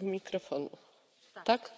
il-mikrofon. Tak?